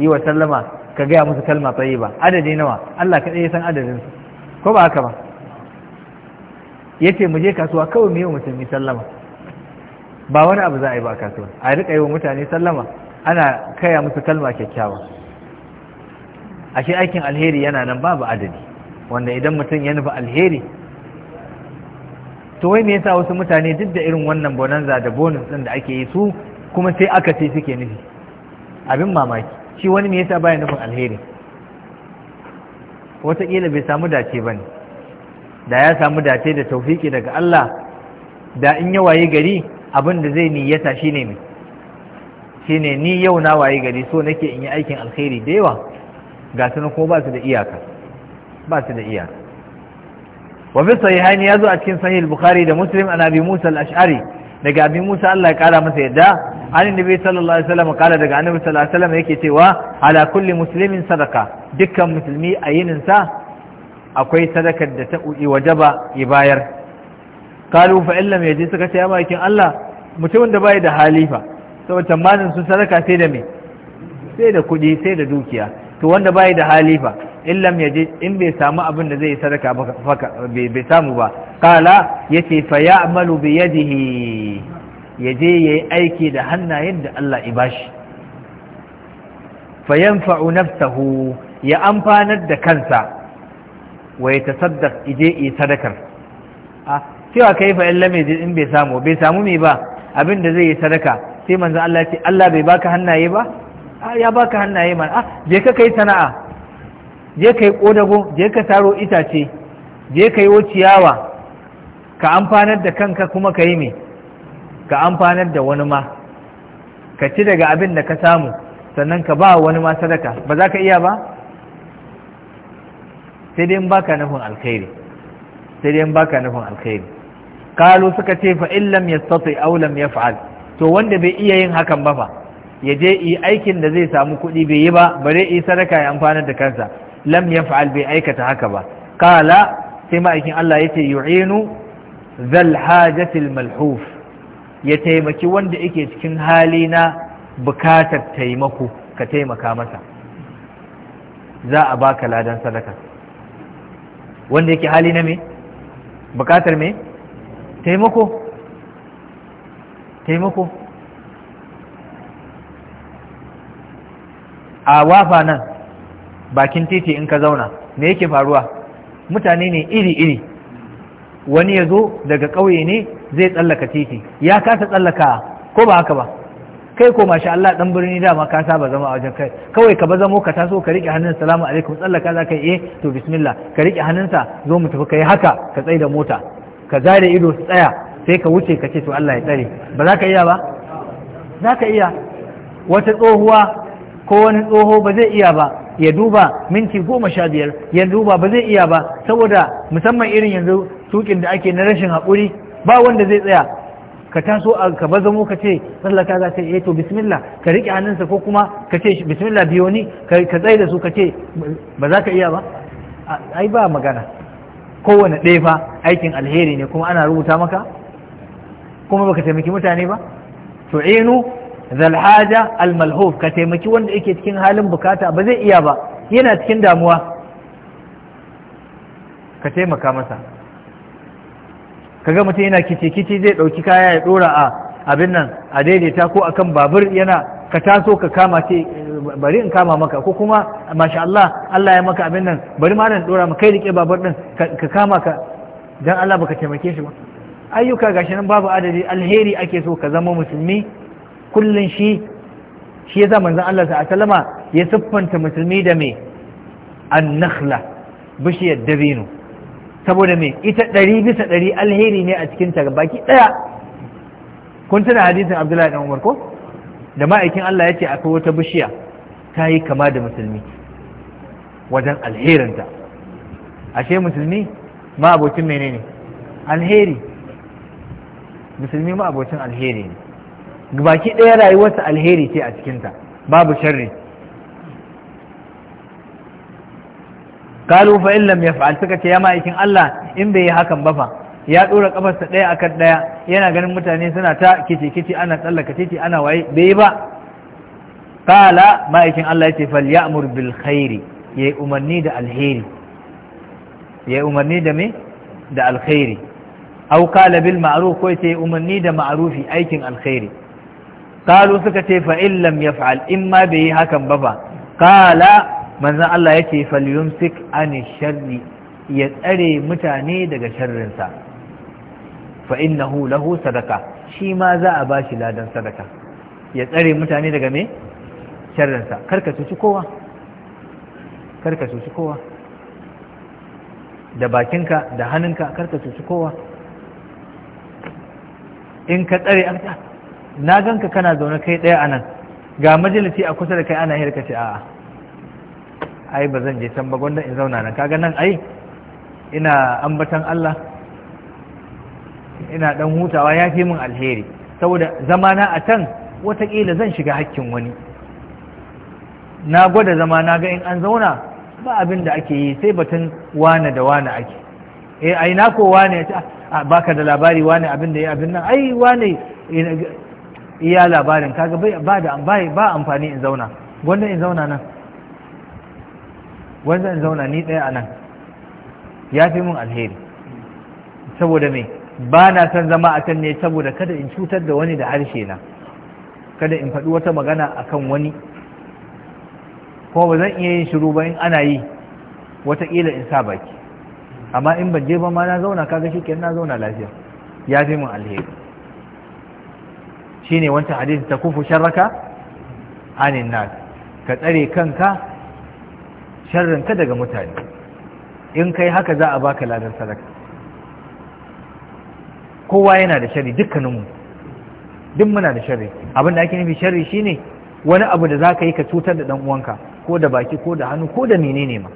yi wa sallama ka gaya musu kalma tsaye ba adadi nawa Allah ka ɗaya san adadin su ko ba haka ba ya ce mu je kasuwa kawai mu yi wa mutum yi sallama ba wani abu za a yi ba a kasuwa a riƙa yi wa mutane sallama ana kaya musu kalma kyakkyawa ashe aikin alheri yana nan babu adadi wanda idan mutum ya nufi alheri to wai me yasa wasu mutane duk da irin wannan bonanza da bonus din da ake yi su kuma sai aka ce suke nufi abin mamaki shi wani me yasa baya nufin alheri wataƙila bai samu dace ba ne da ya samu dace da taufiki daga Allah da in ya waye gari abin da zai niyyata shi ne mai shi ne ni yau na waye gari so nake in yi aikin alheri da yawa ga su ko ba su da iyaka ba su da iyaka wa fi ya zo a cikin sahih bukhari da muslim an abi musa al-ash'ari daga abi musa Allah ya kara masa yadda an nabi sallallahu alaihi wasallam kala daga annabi sallallahu alaihi wasallam yake cewa ala kulli muslimin sadaka dukkan musulmi a yinin sa akwai sadakar da ta uyi wajaba ibayar bayar kalu fa illa ma yaji suka ce ya bakin Allah mutumin da bai da halifa saboda tamanin su sadaka sai da me sai da kuɗi sai da dukiya to wanda bai da halifa in lam yaji in bai samu abin da zai sadaka bai samu ba kala yace fa ya'malu bi yadihi yaje yayi aiki da hannayen da Allah ya bashi fa yanfa'u nafsahu ya amfanar da kansa wa ya tasaddaq ije yi sadakar a ah, cewa kai fa in lam yaji in bai samu bai samu me ba abin da zai yi sadaka sai manzo Allah ya ce Allah bai baka hannaye ba a ah, ya baka hannaye man a ah, je ka kai sana'a je ka yi ƙodago je ka taro itace je ka yi ciyawa ka amfanar da kanka kuma ka yi mai ka amfanar da wani ma ka ci daga abin da ka samu sannan ka ba wani ma sadaka ba za ka iya ba sai dai ka nufin alkhairi sai dai ka nufin alkhairi kalu suka ce fa illam lam yastati aw lam yaf'al to wanda bai iya yin hakan ba fa ya je yi aikin da zai samu kuɗi bai yi ba bare yi sadaka ya amfanar da kansa lam yaf'al bai aikata haka ba kala sai ma'aikin Allah ya ce yu'inu zal hajatil malhuf ya taimaki wanda yake cikin hali na bukatar taimako ka taimaka masa za a baka ladan sadaka wanda yake hali na me bukatar me taimako taimako a wafa nan bakin titi in ka zauna me yake faruwa mutane ne iri-iri wani ya zo daga ƙauye ne zai tsallaka titi ya kasa tsallaka ko ba haka ba kai ko masha Allah dan birni dama ka saba zama a wajen kai kawai ka ba zamo ka taso ka rike hannun salamu alaikum tsallaka za ka yi eh to bismillah ka rike hannunsa zo mu tafi kai haka ka tsaye da mota ka zare ido su tsaya sai ka wuce ka ce to Allah ya tsare ba za ka iya ba za ka iya wata tsohuwa ko wani tsoho ba zai iya ba ya duba minti goma sha biyar ya duba ba zai iya ba saboda musamman irin yanzu tukin da ake na rashin haƙuri ba wanda zai tsaya ka taso ka bazamo ka ce tsallaka za ta yi eh, to bismillah ka riƙe hannunsa ko kuma ka ce bismillah biyo ni ka tsaye da su ka ce ba za ka iya ba ai ba magana kowane ɗaya fa aikin alheri ne kuma ana rubuta maka kuma baka taimaki mutane ba to inu eh, zalhaja almalhuf ka taimaki wanda yake cikin halin bukata ba zai iya ba yana cikin damuwa ka taimaka masa kaga mutum yana kici-kici zai ɗauki kaya ya ɗora a abin nan a daidaita ko akan babur yana ka taso ka kama ce bari in kama maka ko kuma masha Allah Allah ya maka abin nan bari ma nan ɗora kai rike babur ɗin ka kama ka dan Allah baka taimake shi ba ayyuka gashi nan babu adadi alheri ake so ka zama musulmi Kullum shi shi ya sa manzan Allah sa alaihi ya siffanta musulmi da me nakhla bishiyar dabino saboda me ita ɗari bisa ɗari alheri ne a cikin ta baki ɗaya kun tuna hadisin Abdullahi dan Umar ko da ma'aikin Allah ya ce akwai wata bishiya ta yi kama da musulmi wajen alherinta ashe musulmi ma abokin menene alheri musulmi ma abocin alheri ne baki ɗaya rayuwarsa alheri ce a cikinta babu sharri kalu fa in lam yaf'al suka ce ya ma'aikin Allah in bai yi hakan ba fa ya dora kafarsa ɗaya akan ɗaya yana ganin mutane suna ta kici kici ana tsallaka titi ana waye bai yi ba kala ma'aikin Allah ya ce fal ya'mur bil khairi yayi umarni da alheri Ya umarni da me da alkhairi au kala bil ma'ruf ko yace umarni da ma'rufi aikin alkhairi kalu suka ce fa in lam yaf'al in bai yi hakan ba fa kala manzon Allah yace falyumsik ani sharri ya tsare mutane daga sharrinsa fa innahu lahu sadaka shi ma za a bashi ladan sadaka ya tsare mutane daga me sharrinsa karka cuci kowa karka cuci kowa da bakinka da hannunka karka cuci kowa in ka tsare an na ganka kana zaune kai ɗaya a nan ga majalisi a kusa da kai ana hirka ce a'a ai ba zan je can ba gwanda in zauna nan kaga nan ai ina ambatan Allah ina dan hutawa ya fi min alheri saboda zamana a can watakila zan shiga hakkin wani na gwada zama na ga in an zauna ba abin da ake yi sai batun wane da wane ake eh ai na ko wane ya ce ah, baka da labari wane abin da ya abin nan ai wane iya labarin kaga ba da ba amfani in zauna gwanda in zauna nan gwanda in zauna ni ɗaya a nan ya fi mun alheri saboda me ba na son zama a can ne saboda kada in cutar da wani da harshe na kada in faɗi wata magana akan wani kuma ba zan iya yin shiru ba in ana yi wataƙila in sa baki amma in ban je ba ma na zauna kaga shi na zauna lafiya ya fi mun alheri Shi ne wancan hadisi ta kufu sharraka anin nas ka tsare kanka sharrinka daga mutane in kai haka za a baka ladar sadaka kowa yana da shari dukkaninmu duk muna da shari abin da ake nufi shari shine wani abu da za ka yi ka cutar da uwanka ko da baki ko da hannu ko da menene ma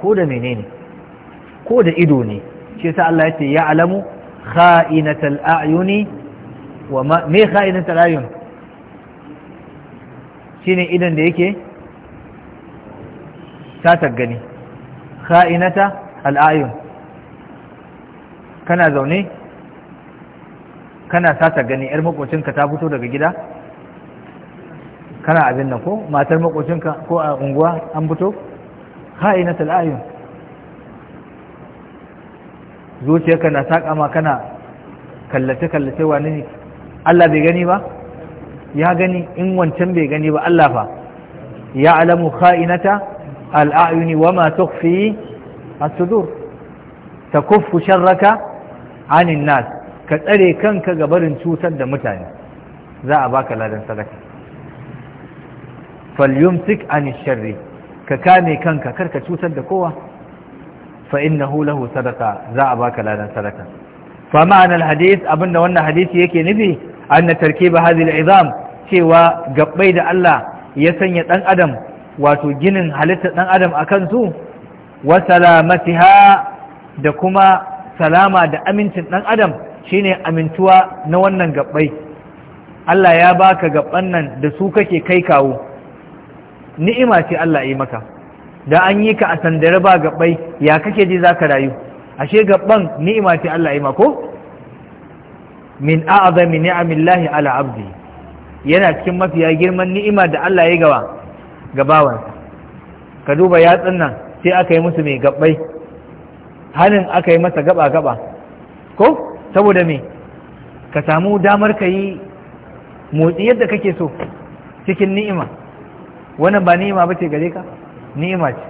ko da menene ko da ido ne shi sa Allah ya ce ya alamu kha'inatal a'yuni wa me kha'inan tarayun shine idan da yake ta gani kha'inata al'ayun kana zaune kana sata gani yar makocinka ta fito daga gida kana abin nan ko matar makocinka ko a unguwa an fito kha'inata al'ayun zuciyarka na saƙa ma kana kallace-kallace wani ne Allah bai gani ba ya gani in wancan bai gani ba Allah fa ya alamu kha'inata al'ayuni wa ma tukhfi as-sudur takuffu sharraka anin nas ka tsare kanka ga barin cutar da mutane za a baka ladan sadaka falyumsik anin sharri ka kame kanka karka cutar da kowa fa innahu lahu sadaka za a baka ladan sadaka fa ma'anar hadith abinda wannan hadisi yake nufi anna tarkiba hadhihi al'izam cewa gabbai da Allah ya sanya ɗan adam wato ginin halitta ɗan adam akan su wa salamatiha da kuma salama da amincin ɗan adam shine amintuwa na wannan gabbai Allah ya baka gabban nan da su kake kai kawo ni'ima ce Allah yi maka da an yi ka a sandare ba gabbai ya kake ji zaka rayu ashe gabban ni'ima ce Allah yi mako min a'zami ni'amillahi ala abdi yana cikin mafiya girman ni'ima da Allah ya gawa ga bawan ka duba yatsun nan sai aka yi musu mai gabbai hannun aka yi masa gaba gaba ko saboda me ka samu damar ka yi motsi yadda kake so cikin ni'ima wannan ba ni'ima ba ce gare ka ni'ima ce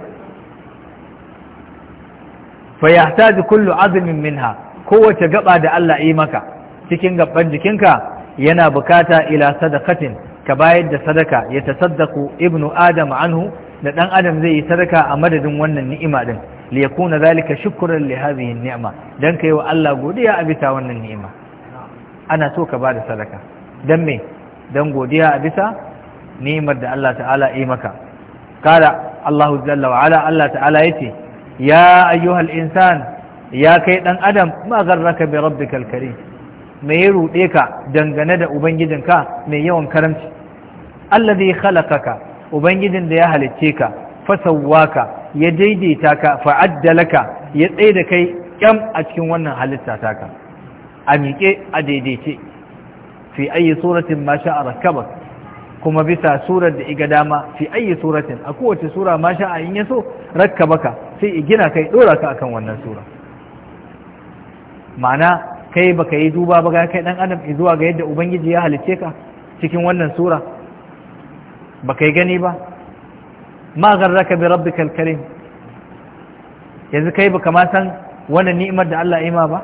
fa yahtaju kullu azmin minha kowace gaba da Allah yi maka cikin gaban jikinka yana bukata ila sadakatin ka bayar da sadaka ya tasaddaku ibnu adam anhu da dan adam zai yi sadaka a madadin wannan ni'ima din li yakuna zalika shukran li hadhihi ni'ma dan kai wa Allah godiya a bisa wannan ni'ima ana so ka bada sadaka dan me dan godiya a bisa ni'imar da Allah ta'ala yi maka kada Allahu jalla wa ala Allah ta'ala yace ya ayyuhal insan ya kai dan adam ma garraka bi rabbikal karim Mai ya ruɗe ka dangane da ubangijinka mai yawan karamci allazi khalaqaka ubangijin da ya halicce ka fasawwaka ya daidaita ka fa'addalaka ya tsaida kai kyam a cikin wannan halitta taka a miƙe a daidaice fi ayi suratin ma sha'a rakkabak kuma bisa surar da iga dama fi ayi suratin a kowace sura ma sha'a in yaso rakkabaka sai i gina kai dora ka akan wannan sura ma'ana kai baka yi duba ba ga kai dan adam zuwa ga yadda ubangiji ya halice ka cikin wannan sura baka yi gani ba ma gharraka bi rabbikal karim yanzu kai baka ma san wannan ni'imar da Allah ya ma ba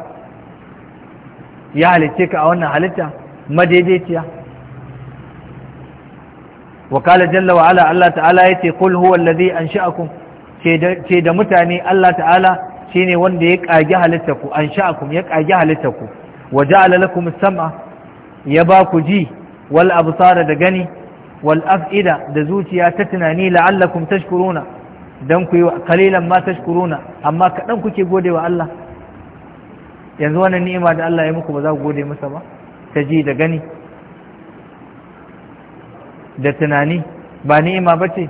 ya halice ka a wannan halitta madaidaiciya wa kala jalla wa ala Allah ta'ala yace kul huwa alladhi ansha'akum ce da mutane Allah ta'ala shine wanda ya kage halittaku an sha'akum ya kage halittaku wa ja'ala lakum sam'a ya ba ku ji wal absara da gani wal af'ida da zuciya ta tunani la'allakum tashkuruna dan ku yi kalilan ma tashkuruna amma kadan kuke godewa Allah yanzu wannan ni'ima da Allah ya muku ba za ku gode masa ba ta ji da gani da tunani ba ni'ima bace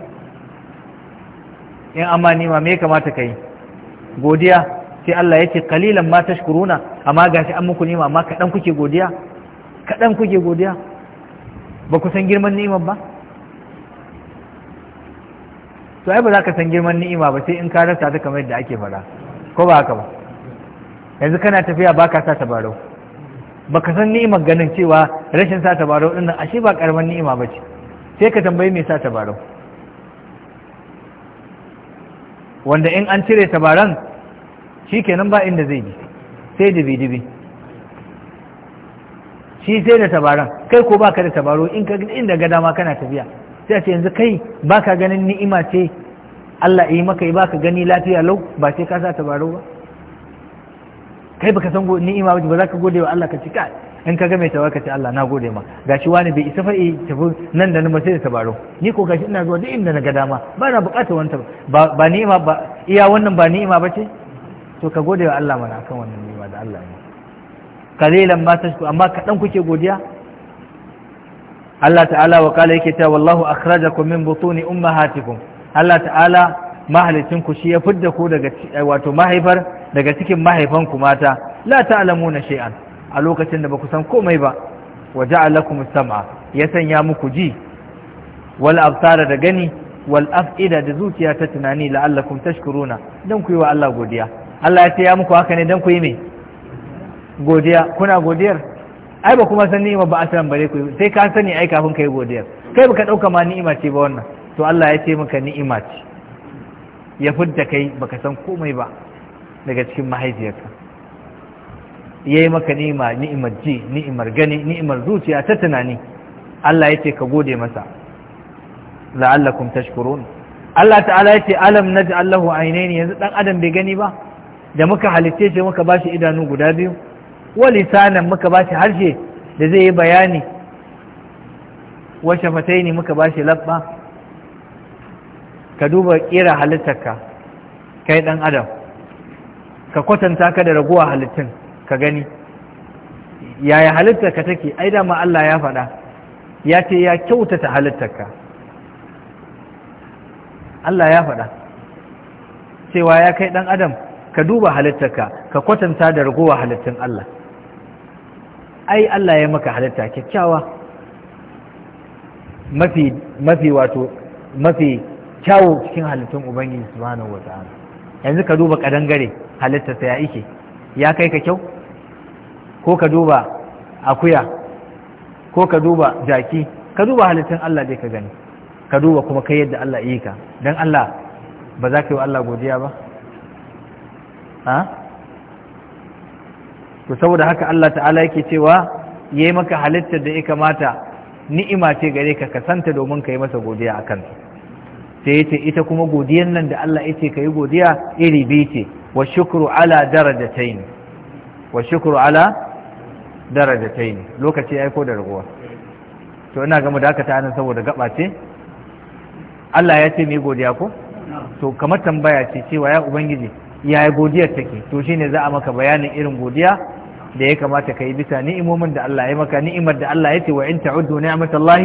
in amma ni'ima me kamata ka yi godiya sai Allah ya ce kalilan ma tashkuruna amma gashi an muku nima amma kadan kuke godiya kaɗan kuke godiya ba ku san girman ni'imar ba to ai ba za ka san girman ni'ima ba sai in ka rasa ta kamar yadda ake fara ko ba haka ba yanzu kana tafiya ba ka sa tabarau ba ka san ni'imar ganin cewa rashin sa tabarau ɗin ashe ba karamar ni'ima ba ce sai ka tambayi me sa tabarau wanda in an cire tabaran shi kenan ba inda zai ji sai dibi-dibi shi sai da tabaran kai ko baka da tabaro in ka inda ga dama kana tafiya sai a ce yanzu kai baka ganin ni'ima ce Allah yi maka yi baka gani lafiya lau ba sai ka sa tabaro ba kai baka san ni'ima ba za ka gode wa Allah ka ci ka in ka ga mai tawa ka ce Allah na gode ma gashi wani bai isa fa'i tafi nan da nan ba sai da tabaro ni ko gashi ina zuwa duk inda na ga dama ba na bukatar wani ba ni'ima ba iya wannan ba ni'ima ba ce to ka gode wa Allah mana akan wannan nema da Allah ya kalilan ma tashku amma kaɗan kuke godiya Allah ta'ala wa kala yake ta wallahu akhrajakum min butuni ummahatikum Allah ta'ala mahalicin ku shi ya fidda ku daga eh, wato mahaifar daga cikin mahaifanku mata la ta'lamuna shay'an a lokacin da baku san komai ba wa ja'alakum sam'a ya sanya muku ji wal absara da gani wal af'ida da zuciya ta tunani la'allakum tashkuruna dan ku yi wa Allah godiya Allah ya ce ya muku haka ne don ku yi mai godiya kuna godiyar ai ba kuma san ni'ima ba san bare ku sai ka sani ai kafin kai godiyar kai baka dauka ma ni'ima ce ba wannan to Allah ya ce maka ni'ima ce ya fudda kai baka san komai ba daga cikin mahaifiyarka ya yi maka ni'ima ni'imar ji ni'imar gani ni'imar zuciya ta tunani Allah ya ce ka gode masa la'allakum tashkurun Allah ta'ala ya ce alam naj'al lahu aynayn yanzu dan adam bai gani ba da muka halitte shi muka ba shi idanu guda biyu wa lisanan muka ba shi harshe da zai yi bayani wa ne muka ba shi labba ka duba kira halittarka kai dan adam ka kwatanta ka da raguwa halittun ka gani yaya halittarka take ai dama Allah ya faɗa ya ce ya kyautata halittarka Allah ya faɗa cewa ya kai ɗan adam ka duba halittarka ka kwatanta da ragowa halittun Allah ai Allah ya maka halitta kyakkyawa mafi mafi wato mafi kyawu cikin halittun Ubangiji subhanahu wa ta'ala yanzu ka duba gare halittarsa ya ike ya kai ka kyau ko ka duba akuya ko ka duba jaki ka duba halittun Allah dai ka gani ka duba kuma kai yadda Allah yi ka don Allah ba za ka yi wa Allah godiya ba to saboda haka Allah ta'ala yake cewa yayi maka halittar da ya kamata ni'ima ce gare ka ka santa domin ka yi masa godiya a kanta sai yace ita kuma godiyan nan da Allah yace ka yi godiya iri biyu ce wa shukru ala ne wa shukru ala ne lokaci ai ko da ragowa to ina ga mu da aka ta nan saboda gaba ce Allah ya ce mai godiya ko to kamar tambaya ce cewa ya ubangiji yaya godiyar take to shine za a maka bayanin irin godiya da ya kamata ka yi bisa ni'imomin da Allah ya maka ni'imar da Allah ya ce wa in ta'uddu Allah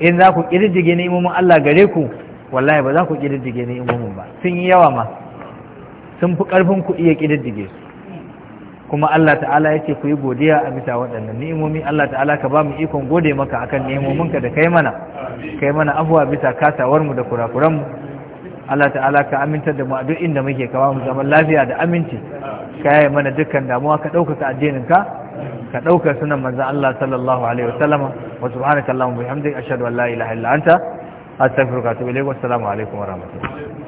in za ku kirdige ni'imomin Allah gare ku wallahi ba za ku kirdige ni'imomin ba sun yi yawa ma sun fi karfin ku iya kirdige su kuma Allah ta'ala ya ce ku yi godiya a bisa waɗannan ni'imomi Allah ta'ala ka ba mu ikon gode maka akan ni'imomin ka da kai mana kai mana afuwa bisa kasawarmu da mu Allah ta'ala ka amintar da mu a duk inda muke kawo mu zaman lafiya da aminci ka yaye mana dukkan damuwa ka ɗaukaka addinin ka ka ɗauka sunan manza. Allah sallallahu alaihi wasallama wa subhanaka allahumma bihamdika ashhadu an la ilaha illa anta astaghfiruka wa atubu ilayk wa assalamu alaikum wa rahmatullahi